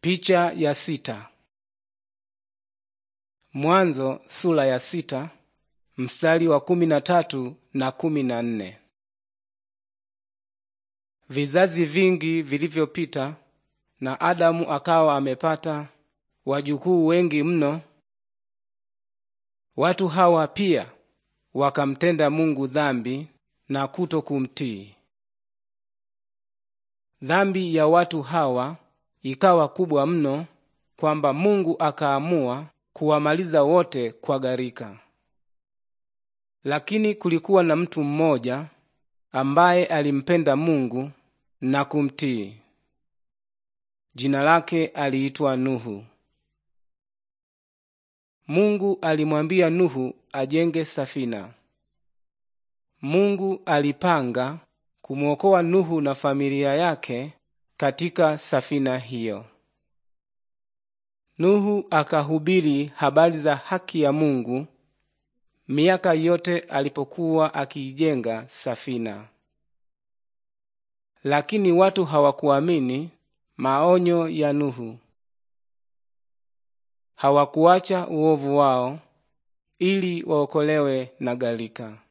Picha ya sita. Mwanzo sura ya sita mstari wa kumi na tatu na kumi na nne. Vizazi vingi vilivyopita na Adamu akawa amepata wajukuu wengi mno. Watu hawa pia wakamtenda Mungu dhambi na kuto kumtii. Dhambi ya watu hawa ikawa kubwa mno kwamba Mungu akaamua kuwamaliza wote kwa gharika. Lakini kulikuwa na mtu mmoja ambaye alimpenda Mungu na kumtii. Jina lake aliitwa Nuhu. Mungu alimwambia Nuhu ajenge safina. Mungu alipanga kumwokoa Nuhu na familia yake katika safina hiyo. Nuhu akahubiri habari za haki ya Mungu miaka yote alipokuwa akiijenga safina, lakini watu hawakuamini maonyo ya Nuhu. Hawakuacha uovu wao ili waokolewe na gharika.